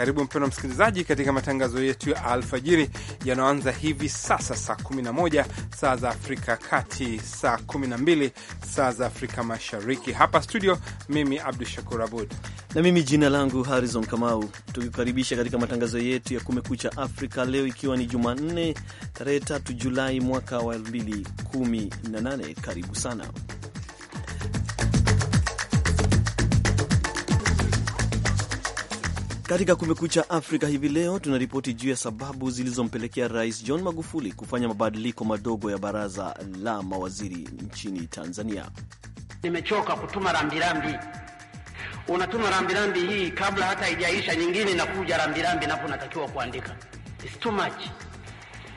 Karibu mpendwa msikilizaji, katika matangazo yetu ya alfajiri yanayoanza hivi sasa saa 11 saa za Afrika Kati, saa 12 saa za Afrika Mashariki. Hapa studio, mimi Abdu Shakur Abud na mimi jina langu Harrison Kamau, tukikaribisha katika matangazo yetu ya Kumekucha Afrika leo, ikiwa ni Jumanne tarehe 3 Julai mwaka wa 2018. Karibu sana Katika Kumekucha Afrika hivi leo tunaripoti juu ya sababu zilizompelekea Rais John Magufuli kufanya mabadiliko madogo ya baraza la mawaziri nchini Tanzania. Nimechoka kutuma rambirambi, unatuma rambirambi hii kabla hata haijaisha, nyingine inakuja rambirambi, napo natakiwa kuandika. It's too much.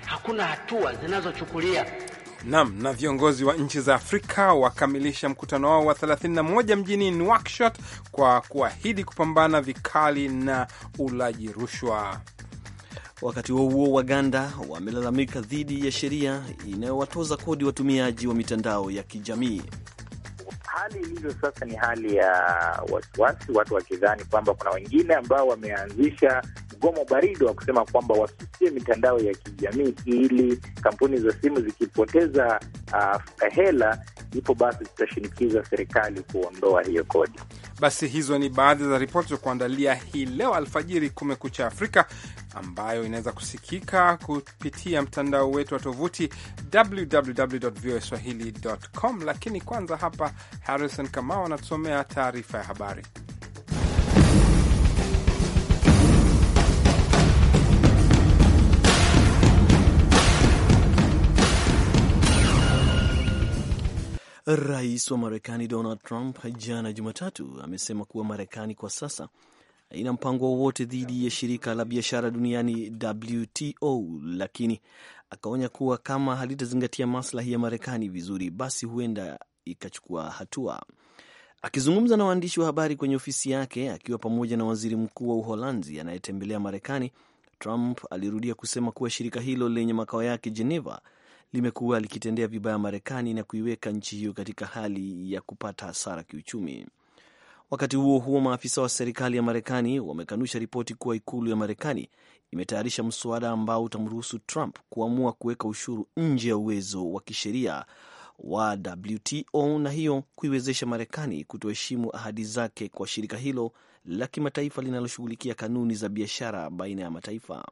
Hakuna hatua zinazochukulia Nam na viongozi wa nchi za Afrika wakamilisha mkutano wao wa 31 mjini Nouakchott kwa kuahidi kupambana vikali na ulaji rushwa. Wakati huo huo, Waganda wamelalamika dhidi ya sheria inayowatoza kodi watumiaji wa mitandao ya kijamii. Hali ilivyo sasa ni hali ya wasiwasi, watu wakidhani kwamba kuna wengine ambao wameanzisha mgomo baridi wa kusema kwamba wasusie mitandao ya kijamii ili kampuni za simu zikipoteza uh, hela ipo basi zitashinikiza serikali kuondoa hiyo kodi. Basi hizo ni baadhi za ripoti za kuandalia hii leo alfajiri Kumekucha Afrika, ambayo inaweza kusikika kupitia mtandao wetu wa tovuti www.voaswahili.com. Lakini kwanza hapa Harrison Kamau anatusomea taarifa ya habari. Rais wa Marekani Donald Trump jana Jumatatu amesema kuwa Marekani kwa sasa haina mpango wowote dhidi ya shirika la biashara duniani WTO, lakini akaonya kuwa kama halitazingatia maslahi ya Marekani vizuri, basi huenda ikachukua hatua. Akizungumza na waandishi wa habari kwenye ofisi yake akiwa pamoja na waziri mkuu wa Uholanzi anayetembelea Marekani, Trump alirudia kusema kuwa shirika hilo lenye makao yake Geneva limekuwa likitendea vibaya Marekani na kuiweka nchi hiyo katika hali ya kupata hasara kiuchumi. Wakati huo huo, maafisa wa serikali ya Marekani wamekanusha ripoti kuwa ikulu ya Marekani imetayarisha mswada ambao utamruhusu Trump kuamua kuweka ushuru nje ya uwezo wa kisheria wa WTO na hiyo kuiwezesha Marekani kutoheshimu ahadi zake kwa shirika hilo la kimataifa linaloshughulikia kanuni za biashara baina ya mataifa.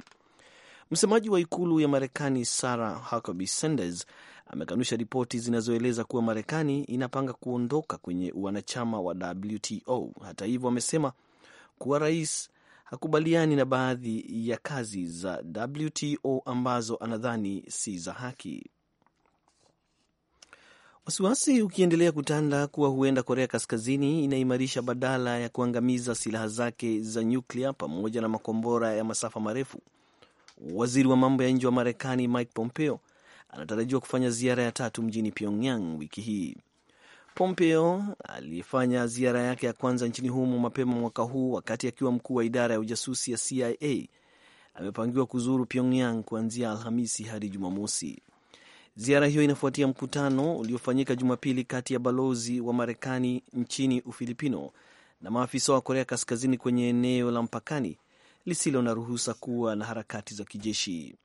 Msemaji wa ikulu ya Marekani Sarah Huckabee Sanders amekanusha ripoti zinazoeleza kuwa Marekani inapanga kuondoka kwenye wanachama wa WTO. Hata hivyo, amesema kuwa rais hakubaliani na baadhi ya kazi za WTO ambazo anadhani si za haki. Wasiwasi ukiendelea kutanda kuwa huenda Korea Kaskazini inaimarisha badala ya kuangamiza silaha zake za nyuklia pamoja na makombora ya masafa marefu Waziri wa mambo ya nje wa Marekani Mike Pompeo anatarajiwa kufanya ziara ya tatu mjini Pyongyang wiki hii. Pompeo alifanya ziara yake ya kwanza nchini humo mapema mwaka huu wakati akiwa mkuu wa idara ya ujasusi ya CIA. Amepangiwa kuzuru Pyongyang kuanzia Alhamisi hadi Jumamosi. Ziara hiyo inafuatia mkutano uliofanyika Jumapili kati ya balozi wa Marekani nchini Ufilipino na maafisa wa Korea Kaskazini kwenye eneo la mpakani lisilo na ruhusa kuwa na harakati za kijeshi.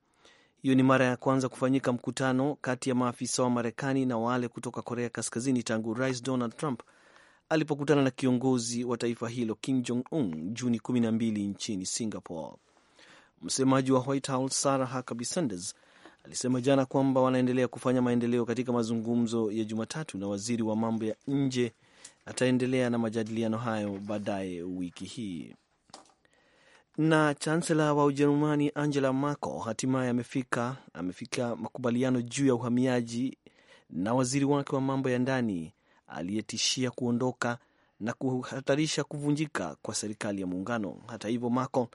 Hiyo ni mara ya kwanza kufanyika mkutano kati ya maafisa wa Marekani na wale kutoka Korea Kaskazini tangu Rais Donald Trump alipokutana na kiongozi wa taifa hilo Kim Jong Un Juni 12 nchini Singapore. Msemaji wa White House Sarah Huckabee Sanders alisema jana kwamba wanaendelea kufanya maendeleo katika mazungumzo ya Jumatatu na waziri wa mambo ya nje ataendelea na majadiliano hayo baadaye wiki hii. Na chansela wa Ujerumani Angela Merkel hatimaye amefika amefika makubaliano juu ya uhamiaji na waziri wake wa mambo ya ndani aliyetishia kuondoka na kuhatarisha kuvunjika kwa serikali ya muungano. Hata hivyo, Merkel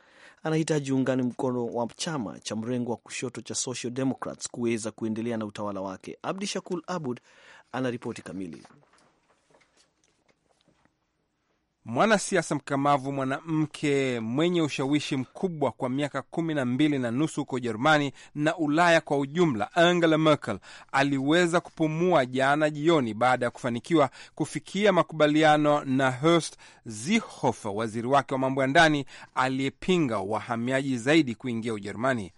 anahitaji uungani mkono wa chama cha mrengo wa kushoto cha Social Democrats kuweza kuendelea na utawala wake. Abdi shakul Abud ana ripoti kamili mwanasiasa mkamavu mwanamke mwenye ushawishi mkubwa kwa miaka kumi na mbili na nusu huko Ujerumani na Ulaya kwa ujumla, Angela Merkel aliweza kupumua jana jioni baada ya kufanikiwa kufikia makubaliano na Horst Seehofer, waziri wake wa mambo ya ndani aliyepinga wahamiaji zaidi kuingia Ujerumani.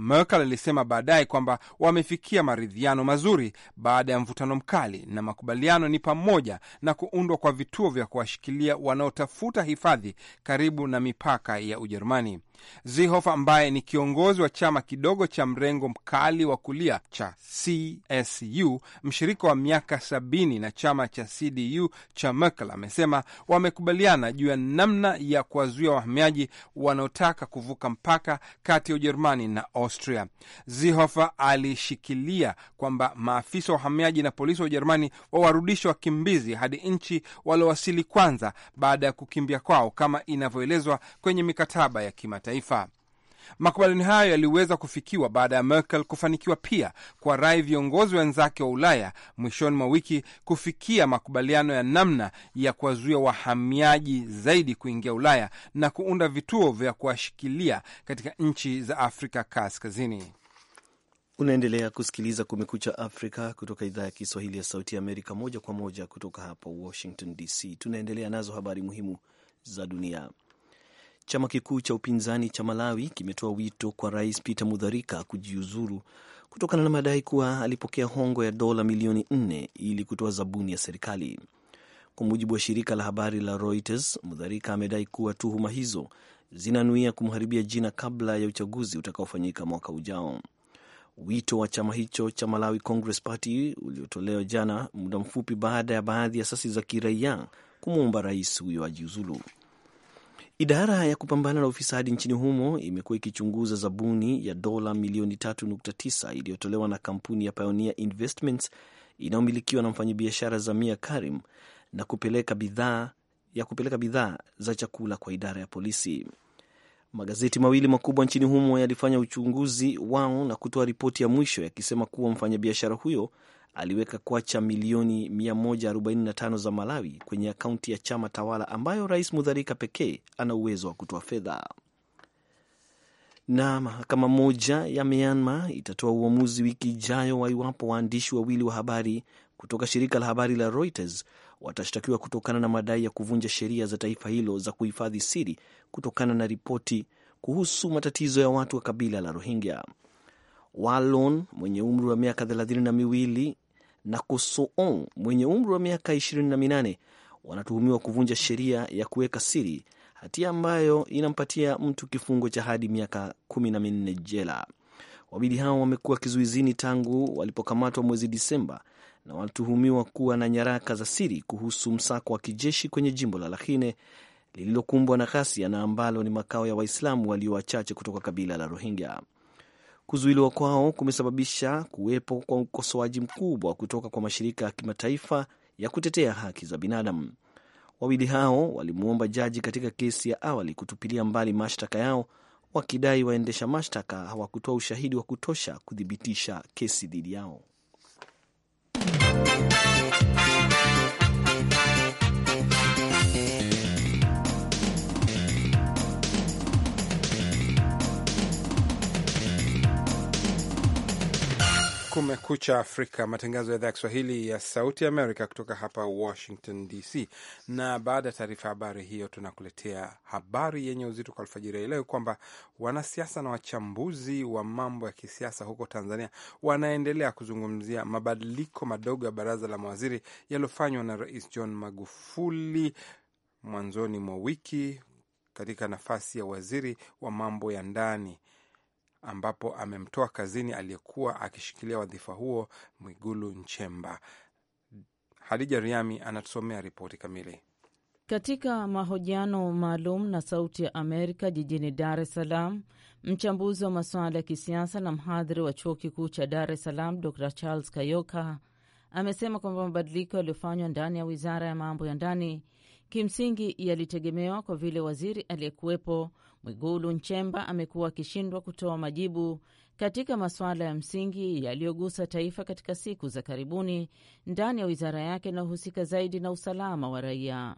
Merkel alisema baadaye kwamba wamefikia maridhiano mazuri baada ya mvutano mkali, na makubaliano ni pamoja na kuundwa kwa vituo vya kuwashikilia wanaotafuta hifadhi karibu na mipaka ya Ujerumani. Zihofa ambaye ni kiongozi wa chama kidogo cha mrengo mkali wa kulia cha CSU, mshirika wa miaka sabini na chama cha CDU cha Merkel, amesema wamekubaliana juu ya namna ya kuwazuia wahamiaji wanaotaka kuvuka mpaka kati ya Ujerumani na Austria. Zihofa alishikilia kwamba maafisa wa uhamiaji na polisi wa Ujerumani wawarudishe wakimbizi hadi nchi waliowasili kwanza baada ya kukimbia kwao kama inavyoelezwa kwenye mikataba ya kimataifa kimataifa. Makubaliano hayo yaliweza kufikiwa baada ya Merkel kufanikiwa pia kwa rai viongozi wenzake wa Ulaya mwishoni mwa wiki kufikia makubaliano ya namna ya kuwazuia wahamiaji zaidi kuingia Ulaya na kuunda vituo vya kuwashikilia katika nchi za Afrika Kaskazini. Unaendelea kusikiliza Kumekucha Afrika kutoka idhaa ya Kiswahili ya Sauti ya Amerika, moja kwa moja kutoka hapa Washington DC. Tunaendelea nazo habari muhimu za dunia. Chama kikuu cha upinzani cha Malawi kimetoa wito kwa Rais Peter Mutharika kujiuzuru kutokana na madai kuwa alipokea hongo ya dola milioni nne ili kutoa zabuni ya serikali. Kwa mujibu wa shirika la habari la Reuters, Mudharika amedai kuwa tuhuma hizo zinanuia kumharibia jina kabla ya uchaguzi utakaofanyika mwaka ujao. Wito wa chama hicho cha Malawi Congress Party uliotolewa jana, muda mfupi baada ya baadhi ya asasi za kiraia kumwomba rais huyo ajiuzulu. Idara ya kupambana na ufisadi nchini humo imekuwa ikichunguza zabuni ya dola milioni 3.9 iliyotolewa na kampuni ya Pioneer Investments inayomilikiwa na mfanyabiashara Zamia Karim na kupeleka bidhaa ya kupeleka bidhaa za chakula kwa idara ya polisi. Magazeti mawili makubwa nchini humo yalifanya uchunguzi wao na kutoa ripoti ya mwisho yakisema kuwa mfanyabiashara huyo aliweka kwacha milioni 145 za Malawi kwenye akaunti ya chama tawala ambayo Rais Mudharika pekee ana uwezo wa kutoa fedha. Na mahakama moja ya Myanmar itatoa uamuzi wiki ijayo wa iwapo waandishi wawili wa habari kutoka shirika la habari la Reuters watashtakiwa kutokana na madai ya kuvunja sheria za taifa hilo za kuhifadhi siri kutokana na ripoti kuhusu matatizo ya watu wa kabila la Rohingya. Walon mwenye umri wa miaka thelathini na miwili na Kosoong mwenye umri wa miaka ishirini na minane wanatuhumiwa kuvunja sheria ya kuweka siri, hatia ambayo inampatia mtu kifungo cha hadi miaka kumi na minne jela. Wawili hao wamekuwa kizuizini tangu walipokamatwa mwezi Disemba na wanatuhumiwa kuwa na nyaraka za siri kuhusu msako wa kijeshi kwenye jimbo la Rakhine lililokumbwa na ghasia na ambalo ni makao ya Waislamu walio wachache kutoka kabila la Rohingya. Kuzuiliwa kwao kumesababisha kuwepo kwa ukosoaji mkubwa kutoka kwa mashirika ya kimataifa ya kutetea haki za binadamu. Wawili hao walimwomba jaji katika kesi ya awali kutupilia mbali mashtaka yao, wakidai waendesha mashtaka hawakutoa ushahidi wa kutosha kuthibitisha kesi dhidi yao. Kumekucha Afrika, matangazo ya idhaa ya Kiswahili ya Sauti Amerika kutoka hapa Washington DC. Na baada ya taarifa habari hiyo, tunakuletea habari yenye uzito kwa alfajiri ya leo kwamba wanasiasa na wachambuzi wa mambo ya kisiasa huko Tanzania wanaendelea kuzungumzia mabadiliko madogo ya baraza la mawaziri yaliyofanywa na Rais John Magufuli mwanzoni mwa wiki katika nafasi ya waziri wa mambo ya ndani ambapo amemtoa kazini aliyekuwa akishikilia wadhifa huo Mwigulu Nchemba. Hadija Riami anatusomea ripoti kamili. Katika mahojiano maalum na Sauti ya Amerika jijini Dar es Salaam, mchambuzi wa masuala ya kisiasa na mhadhiri wa chuo kikuu cha Dar es Salaam Dr Charles Kayoka amesema kwamba mabadiliko yaliyofanywa ndani ya wizara ya mambo ya ndani kimsingi yalitegemewa kwa vile waziri aliyekuwepo Mwigulu Nchemba amekuwa akishindwa kutoa majibu katika masuala ya msingi yaliyogusa taifa katika siku za karibuni ndani ya wizara yake inayohusika zaidi na usalama wa raia.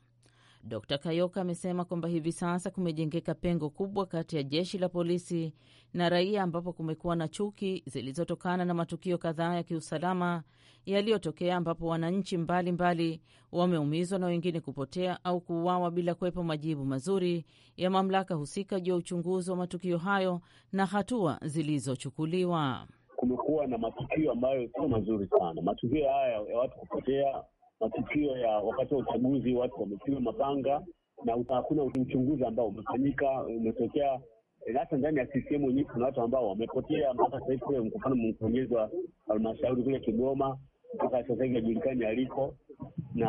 d Kayoka amesema kwamba hivi sasa kumejengeka pengo kubwa kati ya jeshi la polisi na raia, ambapo kumekuwa na chuki zilizotokana na matukio kadhaa ya kiusalama yaliyotokea ambapo wananchi mbalimbali wameumizwa na wengine kupotea au kuuawa bila kuwepo majibu mazuri ya mamlaka husika juu ya uchunguzi wa matukio hayo na hatua zilizochukuliwa. Kumekuwa na matukio ambayo sio mazuri sana, matukio haya ya watu kupotea, matukio ya wakati wa uchaguzi watu wamepigwa mapanga, na hakuna uchunguzi ambao umefanyika umetokea eh, hata ndani ya CCM wenyewe kuna watu ambao wamepotea mpaka sasa hivi. mkufano mkurugenzi wa halmashauri kule Kigoma mpaka sasa hivi hajulikani aliko na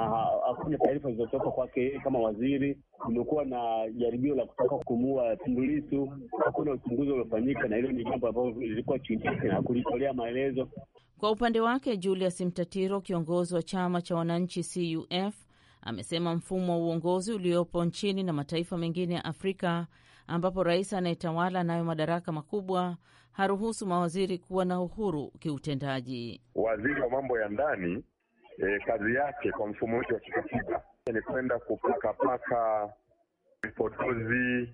hakuna taarifa zilizotoka kwake kama waziri. Kumekuwa na jaribio la kutaka kumua Tundu Lissu, hakuna uchunguzi uliofanyika, na hilo ni jambo ambalo lilikuwa chini yake na kulitolea maelezo. Kwa upande wake, Julius Mtatiro, kiongozi wa chama cha wananchi CUF, amesema mfumo wa uongozi uliopo nchini na mataifa mengine ya Afrika ambapo rais anayetawala anayo madaraka makubwa haruhusu mawaziri kuwa na uhuru kiutendaji. Waziri wa mambo ya ndani e, kazi yake kwa mfumo wetu wa kikatiba ni kwenda kupakapaka vipodozi,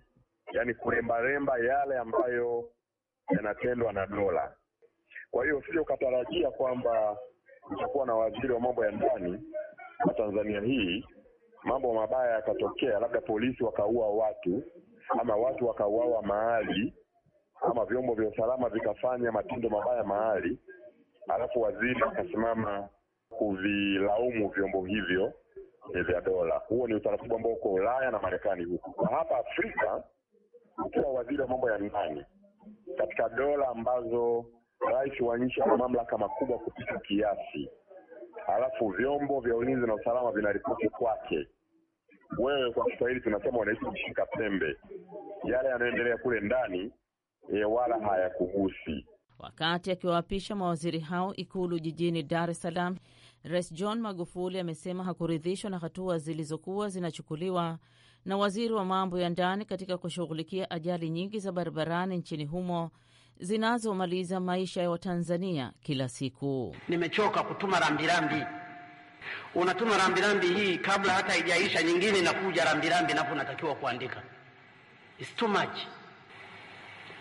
yani kurembaremba yale ambayo yanatendwa na dola. Kwa hiyo sio ukatarajia kwamba utakuwa na waziri wa mambo ya ndani wa Tanzania hii mambo mabaya yakatokea, labda polisi wakaua watu ama watu wakauawa mahali ama vyombo vya usalama vikafanya matendo mabaya mahali, alafu waziri akasimama kuvilaumu vyombo hivyo eh, vya dola. Huo ni utaratibu ambao uko Ulaya na Marekani huku. na hapa Afrika, ukiwa waziri wa mambo ya ndani katika dola ambazo rais wa nchi ana mamlaka makubwa kupita kiasi, halafu vyombo vya ulinzi na usalama vinaripoti kwake, wewe kwa Kiswahili tunasema wanaishi mshika pembe. Yale yanayoendelea kule ndani e, wala hayakugusi. Wakati akiwaapisha mawaziri hao ikulu jijini Dar es Salaam, Rais John Magufuli amesema hakuridhishwa na hatua zilizokuwa zinachukuliwa na waziri wa mambo ya ndani katika kushughulikia ajali nyingi za barabarani nchini humo zinazomaliza maisha ya Watanzania kila siku. Nimechoka kutuma rambirambi. Unatuma rambirambi hii kabla hata haijaisha, nyingine inakuja rambirambi, napo unatakiwa kuandika. It's too much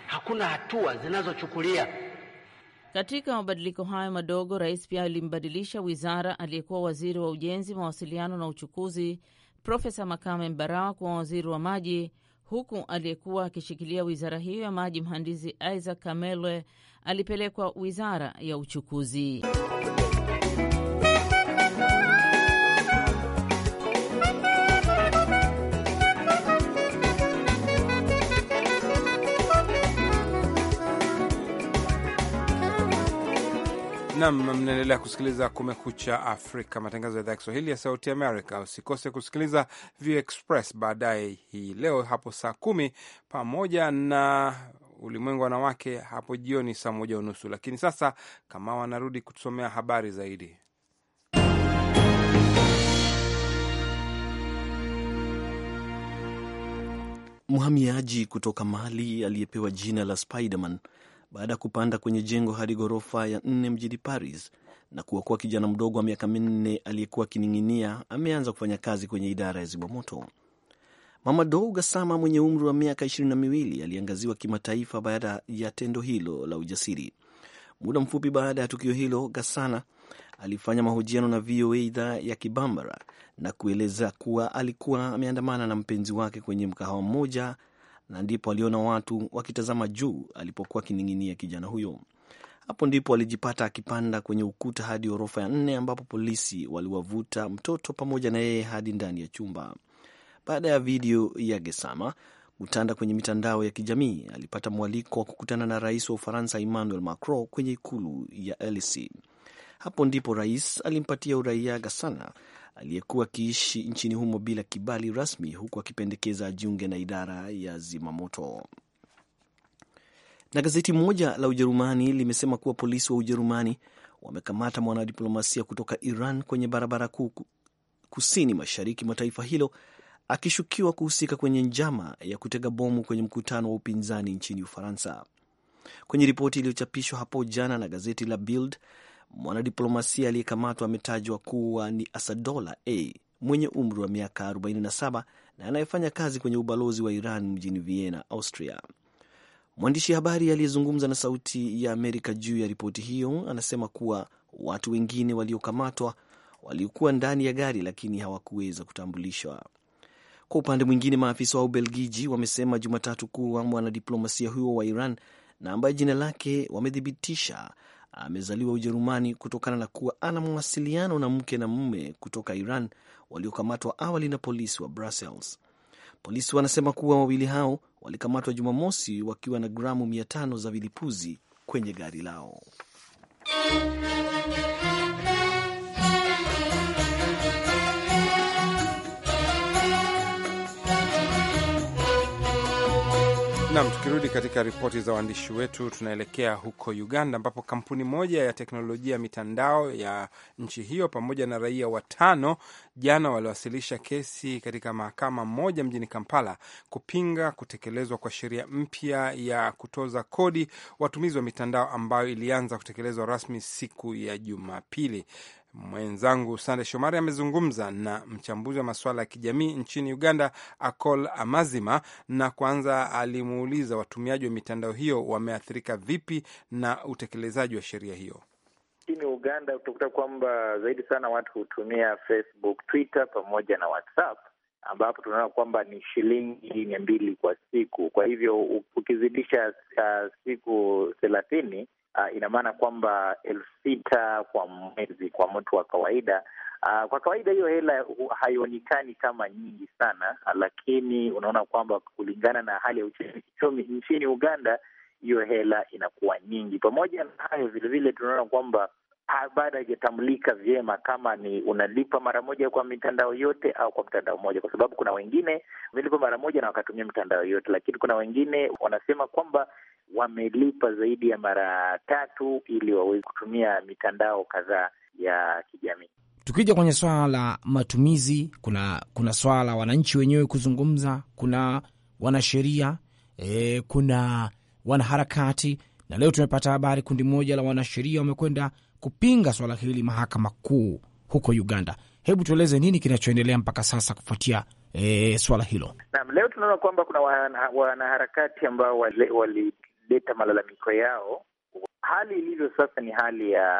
hakuna hatua zinazochukulia. Katika mabadiliko hayo madogo, rais pia alimbadilisha wizara aliyekuwa waziri wa ujenzi, mawasiliano na uchukuzi Profesa Makame Mbarawa kuwa waziri wa maji, huku aliyekuwa akishikilia wizara hiyo ya maji mhandisi Isaac Kamelwe alipelekwa wizara ya uchukuzi. Nam, mnaendelea kusikiliza Kumekucha Afrika, matangazo ya idhaa ya Kiswahili ya Sauti Amerika. Usikose kusikiliza View Express baadaye hii leo hapo saa kumi pamoja na Ulimwengu Wanawake hapo jioni saa moja unusu. Lakini sasa kama wanarudi kutusomea habari zaidi. Mhamiaji kutoka Mali aliyepewa jina la Spiderman baada ya kupanda kwenye jengo hadi ghorofa ya nne mjini Paris na kuokoa kijana mdogo wa miaka minne aliyekuwa akining'inia. Ameanza kufanya kazi kwenye idara ya zimamoto. Mamadou Gasama mwenye umri wa miaka ishirini na miwili aliangaziwa kimataifa baada ya tendo hilo la ujasiri. Muda mfupi baada ya tukio hilo, Gasana alifanya mahojiano na VOA idhaa ya Kibambara na kueleza kuwa alikuwa ameandamana na mpenzi wake kwenye mkahawa mmoja na ndipo aliona watu wakitazama juu alipokuwa akining'inia kijana huyo. Hapo ndipo alijipata akipanda kwenye ukuta hadi ghorofa ya nne ambapo polisi waliwavuta mtoto pamoja na yeye hadi ndani ya chumba. Baada ya video ya Gesama kutanda kwenye mitandao ya kijamii, alipata mwaliko wa kukutana na rais wa Ufaransa Emmanuel Macron kwenye ikulu ya Elysee. Hapo ndipo rais alimpatia uraia Gasana aliyekuwa akiishi nchini humo bila kibali rasmi, huku akipendekeza ajiunge na idara ya zimamoto. Na gazeti moja la Ujerumani limesema kuwa polisi wa Ujerumani wamekamata mwanadiplomasia kutoka Iran kwenye barabara kuu kusini mashariki mwa taifa hilo akishukiwa kuhusika kwenye njama ya kutega bomu kwenye mkutano wa upinzani nchini Ufaransa. Kwenye ripoti iliyochapishwa hapo jana na gazeti la Bild, Mwanadiplomasia aliyekamatwa ametajwa kuwa ni Asadola A mwenye umri wa miaka 47 na anayefanya kazi kwenye ubalozi wa Iran mjini Vienna, Austria. Mwandishi habari aliyezungumza na Sauti ya Amerika juu ya ripoti hiyo anasema kuwa watu wengine waliokamatwa waliokuwa ndani ya gari lakini hawakuweza kutambulishwa. Kwa upande mwingine, maafisa wa Ubelgiji wamesema Jumatatu kuwa mwanadiplomasia huyo wa Iran na ambaye jina lake wamethibitisha amezaliwa Ujerumani kutokana na kuwa ana mawasiliano na mke na mume kutoka Iran waliokamatwa awali na polisi wa Brussels. Polisi wanasema kuwa wawili hao walikamatwa Jumamosi wakiwa na gramu mia tano za vilipuzi kwenye gari lao. Nam, tukirudi katika ripoti za waandishi wetu, tunaelekea huko Uganda ambapo kampuni moja ya teknolojia ya mitandao ya nchi hiyo pamoja na raia watano jana waliwasilisha kesi katika mahakama moja mjini Kampala kupinga kutekelezwa kwa sheria mpya ya kutoza kodi watumizi wa mitandao ambayo ilianza kutekelezwa rasmi siku ya Jumapili. Mwenzangu Sande Shomari amezungumza na mchambuzi wa masuala ya kijamii nchini Uganda, Akol Amazima, na kwanza alimuuliza watumiaji wa mitandao hiyo wameathirika vipi na utekelezaji wa sheria hiyo. Nchini Uganda utakuta kwamba zaidi sana watu hutumia Facebook, Twitter pamoja na WhatsApp ambapo tunaona kwamba ni shilingi mia mbili kwa siku. Kwa hivyo ukizidisha uh, siku thelathini uh, ina maana kwamba elfu sita kwa mwezi kwa mtu wa kawaida uh, kwa kawaida hiyo hela haionekani kama nyingi sana, lakini unaona kwamba kulingana na hali ya uchumi nchini Uganda hiyo hela inakuwa nyingi. Pamoja na hayo, vilevile tunaona kwamba bado haijatambulika vyema kama ni unalipa mara moja kwa mitandao yote au kwa mtandao mmoja, kwa sababu kuna wengine wamelipa mara moja na wakatumia mitandao yote, lakini kuna wengine wanasema kwamba wamelipa zaidi ya mara tatu ili waweze kutumia mitandao kadhaa ya kijamii. Tukija kwenye swala la matumizi, kuna kuna swala la wananchi wenyewe kuzungumza, kuna wanasheria e, kuna wanaharakati, na leo tumepata habari kundi moja la wanasheria wamekwenda kupinga swala hili mahakama kuu huko Uganda. Hebu tueleze nini kinachoendelea mpaka sasa kufuatia e, swala hilo. Naam, leo tunaona kwamba kuna wanaharakati wana ambao walileta malalamiko yao. Hali ilivyo sasa ni hali ya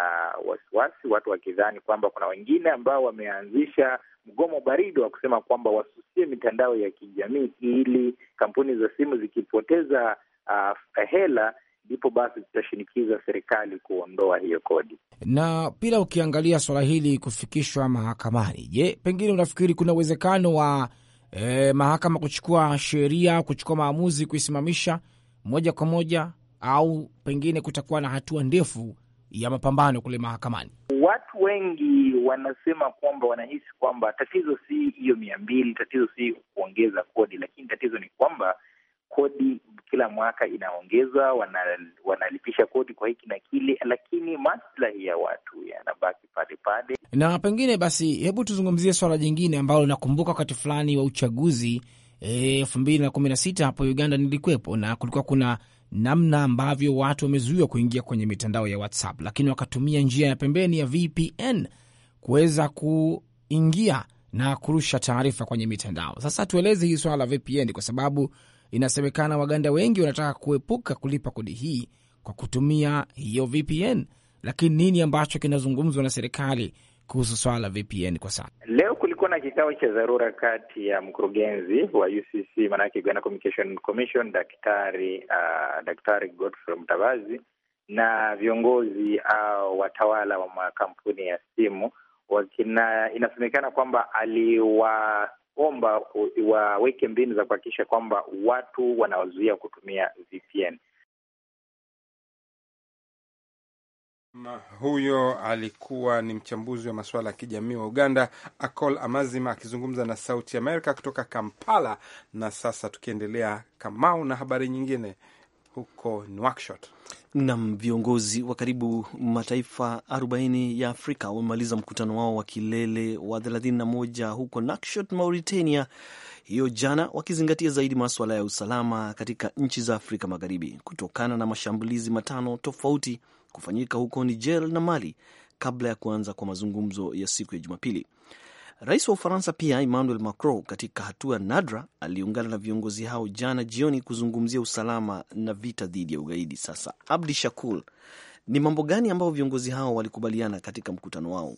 wasiwasi, watu wakidhani kwamba kuna wengine ambao wameanzisha mgomo baridi wa kusema kwamba wasusie mitandao ya kijamii ili kampuni za simu zikipoteza uh, hela ndipo basi tutashinikiza serikali kuondoa hiyo kodi. Na pia ukiangalia swala hili kufikishwa mahakamani, je, pengine unafikiri kuna uwezekano wa eh, mahakama kuchukua sheria, kuchukua maamuzi, kuisimamisha moja kwa moja, au pengine kutakuwa na hatua ndefu ya mapambano kule mahakamani? Watu wengi wanasema kwamba wanahisi kwamba tatizo si hiyo mia mbili, tatizo si kuongeza kodi, lakini tatizo ni kwamba kodi kila mwaka inaongezwa, wanalipisha kodi kwa hiki na kile, lakini maslahi ya watu yanabaki pale pale. Na pengine basi, hebu tuzungumzie swala jingine ambalo nakumbuka wakati fulani wa uchaguzi e, elfu mbili na kumi na sita hapo Uganda nilikwepo, na kulikuwa kuna namna ambavyo watu wamezuiwa kuingia kwenye mitandao ya WhatsApp, lakini wakatumia njia ya pembeni ya VPN kuweza kuingia na kurusha taarifa kwenye mitandao. Sasa tueleze hii swala la VPN kwa sababu Inasemekana Waganda wengi wanataka kuepuka kulipa kodi hii kwa kutumia hiyo VPN. Lakini nini ambacho kinazungumzwa na serikali kuhusu swala la VPN kwa sasa? Leo kulikuwa na kikao cha dharura kati ya mkurugenzi wa UCC maanake Uganda Communication Commission, daktari uh, daktari Godfrey Mtabazi na viongozi au uh, watawala wa makampuni ya simu wakina. Inasemekana kwamba aliwa omba waweke mbinu za kuhakikisha kwamba watu wanawazuia kutumia VPN. Huyo alikuwa ni mchambuzi wa masuala ya kijamii wa Uganda, Akol Amazima akizungumza na Sauti Amerika kutoka Kampala. Na sasa tukiendelea, Kamau na habari nyingine huko Nouakchott. Nam, viongozi wa karibu mataifa 40 ya Afrika wamemaliza mkutano wao wa kilele wa 31 huko Nouakchott, Mauritania hiyo jana, wakizingatia zaidi maswala ya usalama katika nchi za Afrika Magharibi kutokana na mashambulizi matano tofauti kufanyika huko Niger na Mali kabla ya kuanza kwa mazungumzo ya siku ya Jumapili. Rais wa Ufaransa pia Emmanuel Macron, katika hatua nadra, aliungana na viongozi hao jana jioni kuzungumzia usalama na vita dhidi ya ugaidi. Sasa Abdi Shakur, ni mambo gani ambayo viongozi hao walikubaliana katika mkutano wao?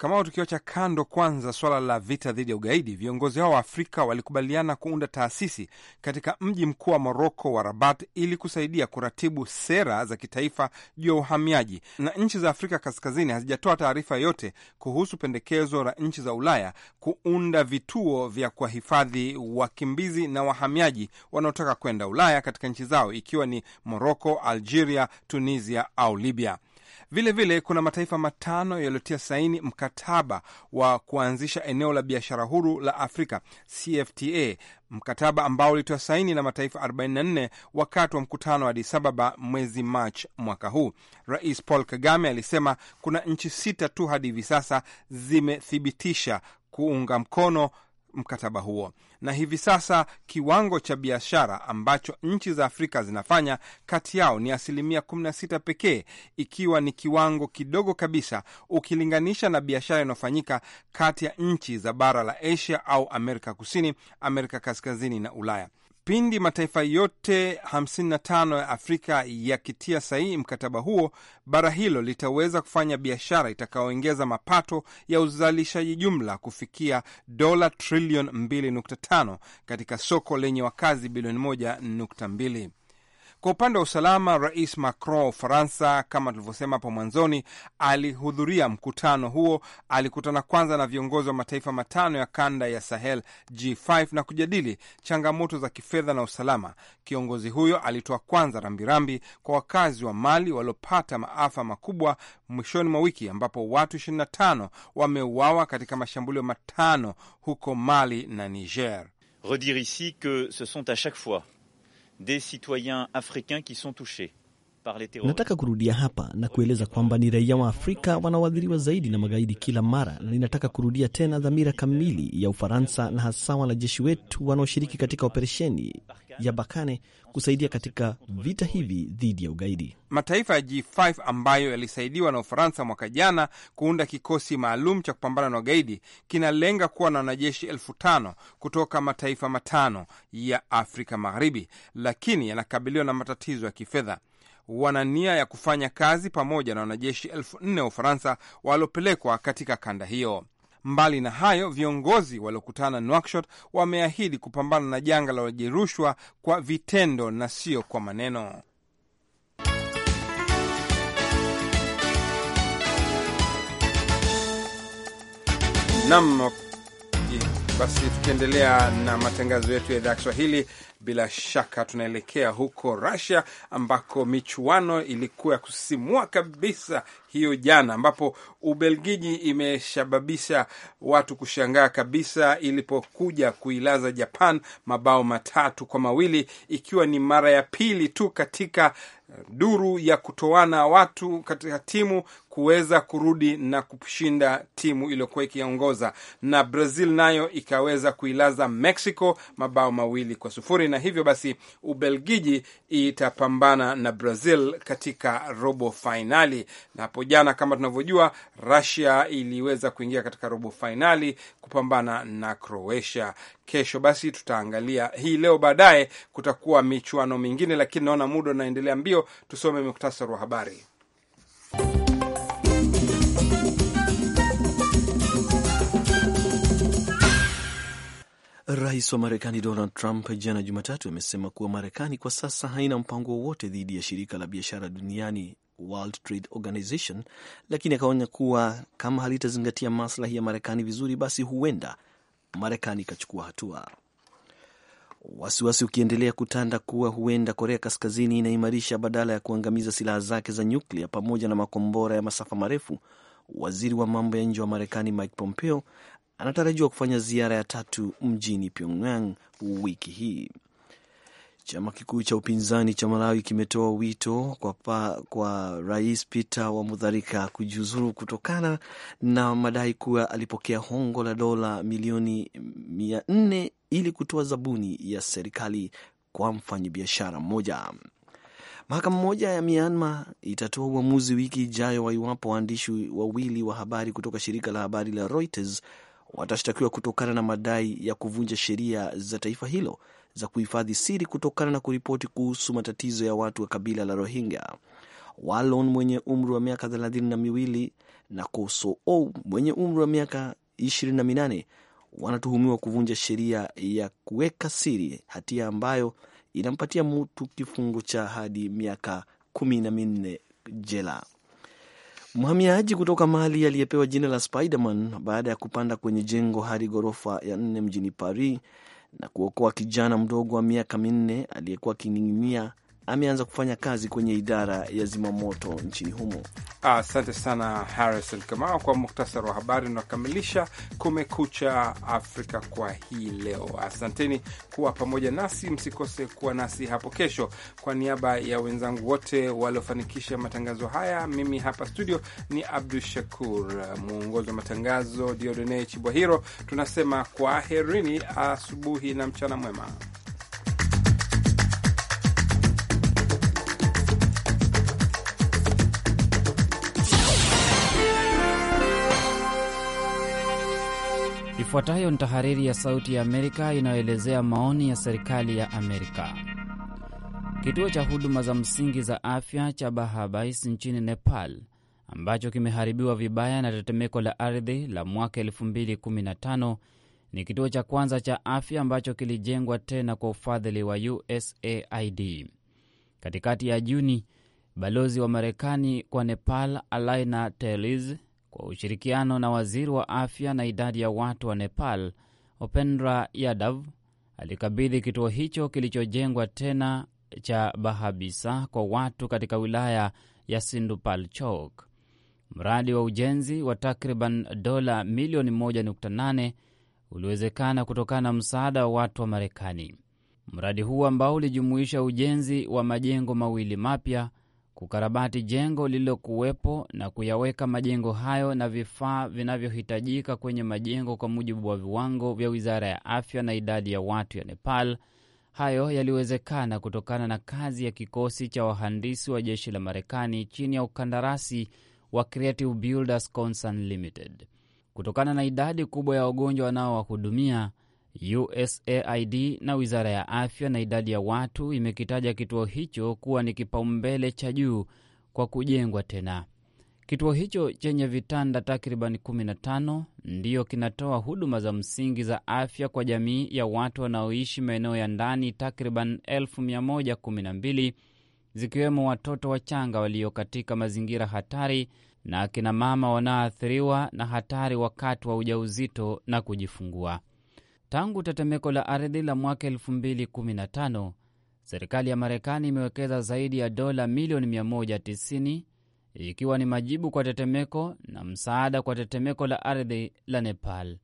Kama tukiwacha kando kwanza swala la vita dhidi ya ugaidi, viongozi hao wa Afrika walikubaliana kuunda taasisi katika mji mkuu wa Moroko wa Rabat ili kusaidia kuratibu sera za kitaifa juu ya uhamiaji, na nchi za Afrika Kaskazini hazijatoa taarifa yoyote kuhusu pendekezo la nchi za Ulaya kuunda vituo vya kuwahifadhi wakimbizi na wahamiaji wanaotaka kwenda Ulaya katika nchi zao, ikiwa ni Moroko, Algeria, Tunisia au Libya. Vilevile vile, kuna mataifa matano yaliyotia saini mkataba wa kuanzisha eneo la biashara huru la Afrika CFTA, mkataba ambao ulitoa saini na mataifa 44 wakati wa mkutano wa Addis Ababa mwezi Machi mwaka huu. Rais Paul Kagame alisema kuna nchi sita tu hadi hivi sasa zimethibitisha kuunga mkono mkataba huo, na hivi sasa kiwango cha biashara ambacho nchi za Afrika zinafanya kati yao ni asilimia 16 pekee, ikiwa ni kiwango kidogo kabisa ukilinganisha na biashara inayofanyika kati ya nchi za bara la Asia au Amerika Kusini, Amerika Kaskazini na Ulaya. Pindi mataifa yote 55 ya Afrika yakitia sahihi mkataba huo, bara hilo litaweza kufanya biashara itakayoongeza mapato ya uzalishaji jumla kufikia dola trilioni 2.5 katika soko lenye wakazi bilioni 1.2. Kwa upande wa usalama, Rais Macron wa Ufaransa, kama tulivyosema hapo mwanzoni, alihudhuria mkutano huo. Alikutana kwanza na viongozi wa mataifa matano ya kanda ya Sahel, G5, na kujadili changamoto za kifedha na usalama. Kiongozi huyo alitoa kwanza rambirambi kwa wakazi wa Mali waliopata maafa makubwa mwishoni mwa wiki, ambapo watu 25 wameuawa katika mashambulio matano huko Mali na Niger. redire ici que ce sont chaque fois des citoyens africains qui sont touchés. Nataka kurudia hapa na kueleza kwamba ni raia wa Afrika wanaoathiriwa zaidi na magaidi kila mara, na ninataka kurudia tena dhamira kamili ya Ufaransa na hasa wanajeshi wetu wanaoshiriki katika operesheni ya Bakane kusaidia katika vita hivi dhidi ya ugaidi. Mataifa ya G5 ambayo yalisaidiwa na Ufaransa mwaka jana kuunda kikosi maalum cha kupambana na ugaidi kinalenga kuwa na wanajeshi elfu tano kutoka mataifa matano ya Afrika Magharibi, lakini yanakabiliwa na matatizo ya kifedha wana nia ya kufanya kazi pamoja na wanajeshi elfu nne wa Ufaransa waliopelekwa katika kanda hiyo. Mbali na hayo, viongozi waliokutana Nouakchott wameahidi kupambana na janga la wajerushwa kwa vitendo na sio kwa maneno. Nam basi, tukiendelea na matangazo yetu ya idhaa ya Kiswahili bila shaka tunaelekea huko Russia ambako michuano ilikuwa ya kusisimua kabisa hiyo jana, ambapo Ubelgiji imeshababisha watu kushangaa kabisa ilipokuja kuilaza Japan mabao matatu kwa mawili ikiwa ni mara ya pili tu katika duru ya kutoana watu katika timu kuweza kurudi na kushinda timu iliyokuwa ikiongoza, na Brazil nayo ikaweza kuilaza Mexico mabao mawili kwa sufuri, na hivyo basi Ubelgiji itapambana na Brazil katika robo fainali. Na hapo jana, kama tunavyojua, Russia iliweza kuingia katika robo fainali kupambana na Croatia. Kesho basi tutaangalia hii leo, baadaye kutakuwa michuano mingine, lakini naona muda unaendelea mbio. Tusome muktasari wa habari. Rais wa Marekani Donald Trump jana Jumatatu amesema kuwa Marekani kwa sasa haina mpango wowote dhidi ya shirika la biashara duniani World Trade Organization, lakini akaonya kuwa kama halitazingatia maslahi ya Marekani vizuri, basi huenda Marekani ikachukua hatua. Wasiwasi ukiendelea kutanda kuwa huenda Korea Kaskazini inaimarisha badala ya kuangamiza silaha zake za nyuklia pamoja na makombora ya masafa marefu. Waziri wa mambo ya nje wa Marekani Mike Pompeo anatarajiwa kufanya ziara ya tatu mjini Pyongyang wiki hii. Chama kikuu cha upinzani cha Malawi kimetoa wito kwa, pa, kwa Rais Peter wa Mutharika kujiuzuru kutokana na madai kuwa alipokea hongo la dola milioni mia nne ili kutoa zabuni ya serikali kwa mfanyabiashara mmoja. Mahakama moja ya Myanmar itatoa uamuzi wiki ijayo wa iwapo waandishi wawili wa habari kutoka shirika la habari la Reuters watashtakiwa kutokana na madai ya kuvunja sheria za taifa hilo za kuhifadhi siri kutokana na kuripoti kuhusu matatizo ya watu wa kabila la Rohingya. walon mwenye umri wa miaka thelathini na miwili na Kosoo mwenye umri wa miaka ishirini na minane wanatuhumiwa kuvunja sheria ya kuweka siri, hatia ambayo inampatia mtu kifungo cha hadi miaka kumi na minne jela. Mhamiaji kutoka Mali aliyepewa jina la Spiderman baada ya kupanda kwenye jengo hadi ghorofa ya nne mjini Paris na kuokoa kijana mdogo wa miaka minne aliyekuwa akining'inia ameanza kufanya kazi kwenye idara ya zimamoto nchini humo. Asante sana Harrison Kamau kwa muktasari wa habari. Unakamilisha Kumekucha Afrika kwa hii leo. Asanteni kuwa pamoja nasi, msikose kuwa nasi hapo kesho. Kwa niaba ya wenzangu wote waliofanikisha matangazo haya, mimi hapa studio ni Abdu Shakur, mwongozi wa matangazo Diodone Chibwahiro. Tunasema kwaherini, asubuhi na mchana mwema. Ifuatayo ni tahariri ya Sauti ya Amerika inayoelezea maoni ya serikali ya Amerika. Kituo cha huduma za msingi za afya cha Bahabais nchini Nepal, ambacho kimeharibiwa vibaya na tetemeko la ardhi la mwaka 2015 ni kituo cha kwanza cha afya ambacho kilijengwa tena kwa ufadhili wa USAID. Katikati ya Juni, balozi wa Marekani kwa Nepal Alaina Telis kwa ushirikiano na waziri wa afya na idadi ya watu wa Nepal, Opendra Yadav alikabidhi kituo hicho kilichojengwa tena cha Bahabisa kwa watu katika wilaya ya Sindupalchok. Mradi wa ujenzi wa takriban dola milioni 1.8 uliwezekana kutokana na msaada wa watu wa Marekani. Mradi huu ambao ulijumuisha ujenzi wa majengo mawili mapya kukarabati jengo lililokuwepo na kuyaweka majengo hayo na vifaa vinavyohitajika kwenye majengo kwa mujibu wa viwango vya Wizara ya Afya na idadi ya watu ya Nepal. Hayo yaliwezekana kutokana na kazi ya kikosi cha wahandisi wa jeshi la Marekani chini ya ukandarasi wa Creative Builders Concern Limited. Kutokana na idadi kubwa ya wagonjwa wanaowahudumia USAID na wizara ya afya na idadi ya watu imekitaja kituo hicho kuwa ni kipaumbele cha juu kwa kujengwa tena. Kituo hicho chenye vitanda takriban 15 ndiyo kinatoa huduma za msingi za afya kwa jamii ya watu wanaoishi maeneo ya ndani takriban 112 zikiwemo watoto wachanga walio katika mazingira hatari na akinamama wanaoathiriwa na hatari wakati wa ujauzito na kujifungua. Tangu tetemeko la ardhi la mwaka 2015 serikali ya Marekani imewekeza zaidi ya dola milioni 190 ikiwa ni majibu kwa tetemeko na msaada kwa tetemeko la ardhi la Nepal.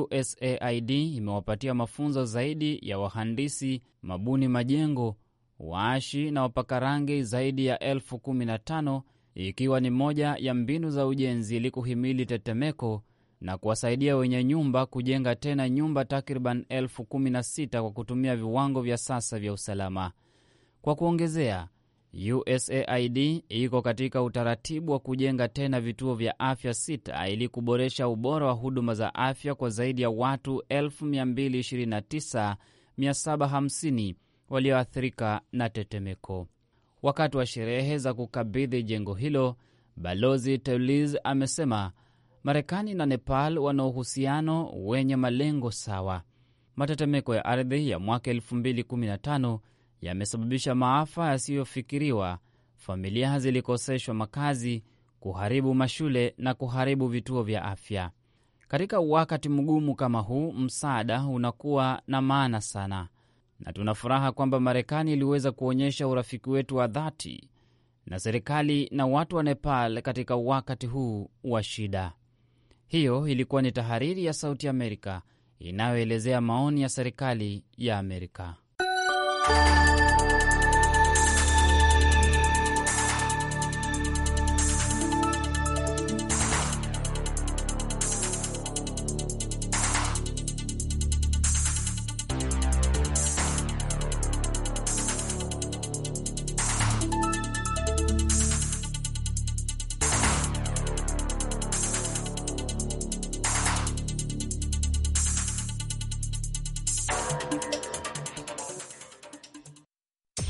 USAID imewapatia mafunzo zaidi ya wahandisi, mabuni majengo, waashi na wapaka rangi zaidi ya elfu ikiwa ni moja ya mbinu za ujenzi ili kuhimili tetemeko na kuwasaidia wenye nyumba kujenga tena nyumba takriban elfu kumi na sita kwa kutumia viwango vya sasa vya usalama. Kwa kuongezea, USAID iko katika utaratibu wa kujenga tena vituo vya afya sita ili kuboresha ubora wa huduma za afya kwa zaidi ya watu 229750 walioathirika na tetemeko. Wakati wa sherehe za kukabidhi jengo hilo, Balozi telis amesema Marekani na Nepal wana uhusiano wenye malengo sawa. Matetemeko ya ardhi ya mwaka 2015 yamesababisha maafa yasiyofikiriwa. Familia zilikoseshwa makazi, kuharibu mashule na kuharibu vituo vya afya. Katika wakati mgumu kama huu, msaada unakuwa na maana sana, na tuna furaha kwamba Marekani iliweza kuonyesha urafiki wetu wa dhati na serikali na watu wa Nepal katika wakati huu wa shida. Hiyo ilikuwa ni tahariri ya Sauti Amerika inayoelezea maoni ya serikali ya Amerika.